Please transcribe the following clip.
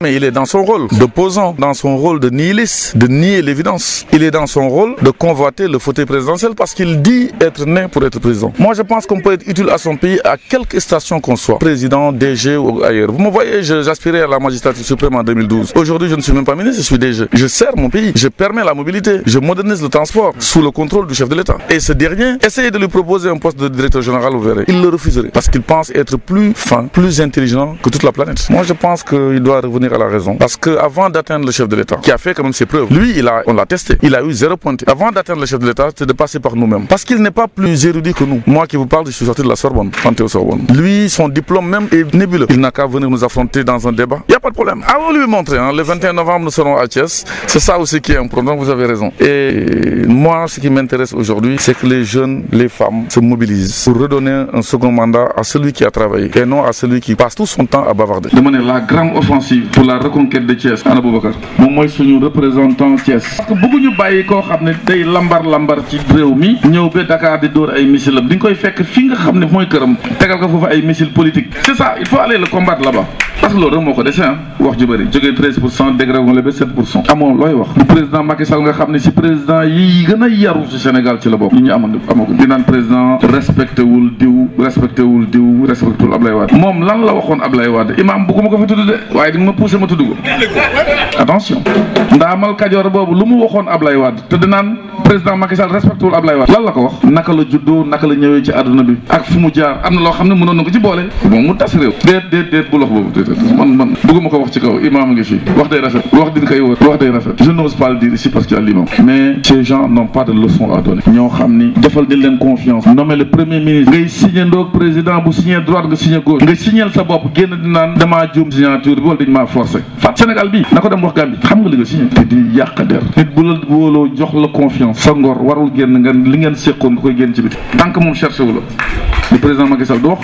Mais il est dans son rôle de posant, dans son rôle de nihiliste, de nier l'évidence. Il est dans son rôle de convoiter le fauteuil présidentiel parce qu'il dit être né pour être président. Moi, je pense qu'on peut être utile à son pays à quelque station qu'on soit, président, DG ou ailleurs. Vous me voyez, j'aspirais à la magistrature suprême en 2012. Aujourd'hui, je ne suis même pas ministre, je suis DG. Je sers mon pays, je permets la mobilité, je modernise le transport sous le contrôle du chef de l'État. Et ce dernier, essayez de lui proposer un poste de directeur général, au Il le refuserait parce qu'il pense être plus fin, plus intelligent que toute la planète. Moi, je pense qu'il doit revenir à la raison. Parce qu'avant d'atteindre le chef de l'État, qui a fait quand même ses preuves, lui, il a, on l'a testé. Il a eu zéro pointé. Avant d'atteindre le chef de l'État, c'est de passer par nous-mêmes. Parce qu'il n'est pas plus érudit que nous. Moi qui vous parle, je suis sorti de la Sorbonne, Sorbonne. Lui, son diplôme même est nébuleux. Il n'a qu'à venir nous affronter dans un débat. Il n'y a pas de problème. Avant lui montrer. Hein. le 21 novembre, nous serons à Thiès. C'est ça aussi qui est un problème. Vous avez raison. Et moi, ce qui m'intéresse aujourd'hui, c'est que les jeunes, les femmes se mobilisent pour redonner un second mandat à celui qui a travaillé et non à celui qui passe tout son temps à bavarder. De la grande offensive pour la reconquête de Thiès ana Boubacar je suis suñu représentant Thiès parce que bëgguñu bàyyi koo xam ne day lambar lambar ci réew mi ñëw ba Dakar di door ay missile am di koy fekk fi nga xam moy kërëm tégal tegal ko foofu ay missile politique c'est ça il faut aller le combattre là-bas ndax loolu rek moo ko dese ah wax ju bëri jógee pour cent dégré nga la pour cent amoo looy wax du président Macky nga xam ne si président yi gën a yaru si Sénégal ci la bokk ñu ñu amoon amaguñ di naan président respecté wul diw respecté wul diw respecté wul Ablaye Wade moom lan la waxoon Ablaye Wade imaam bëgguma ko boobu lu mu waxoon Ablaye Wade te dinaan président Macky Sall respecté wul Ablaye Wade lan la ko wax naka la juddoo naka la ñëwee ci àdduna bi ak fu mu jaar am na loo xam ne mënoon na ko ci boole moom mu tas réew déet déet déet bu lox boobu déet man man bëgguma ko wax ci kaw imam ngi fi wax day rafet wax din koy wër wax day rafet je n'ose pas le dire ici parce qu'il y a l'imam mais ces gens n'ont pas de leçon à donner ñoo xam ni defal di leen confiance nommé le premier ministre ngay signé ndoog président bu signé droite nga signé gauche nga signal sa bopp genn di naan damaa juum signature bi wala dañ ma forcer fat Sénégal bi nako dem wax gambi xam nga li nga signé te di yàq der nit bu la wolo jox la confiance sa ngor warul génn nga li ngeen sékkon nga koy génn ci biti tant que moom cherché wu le président Macky Sall do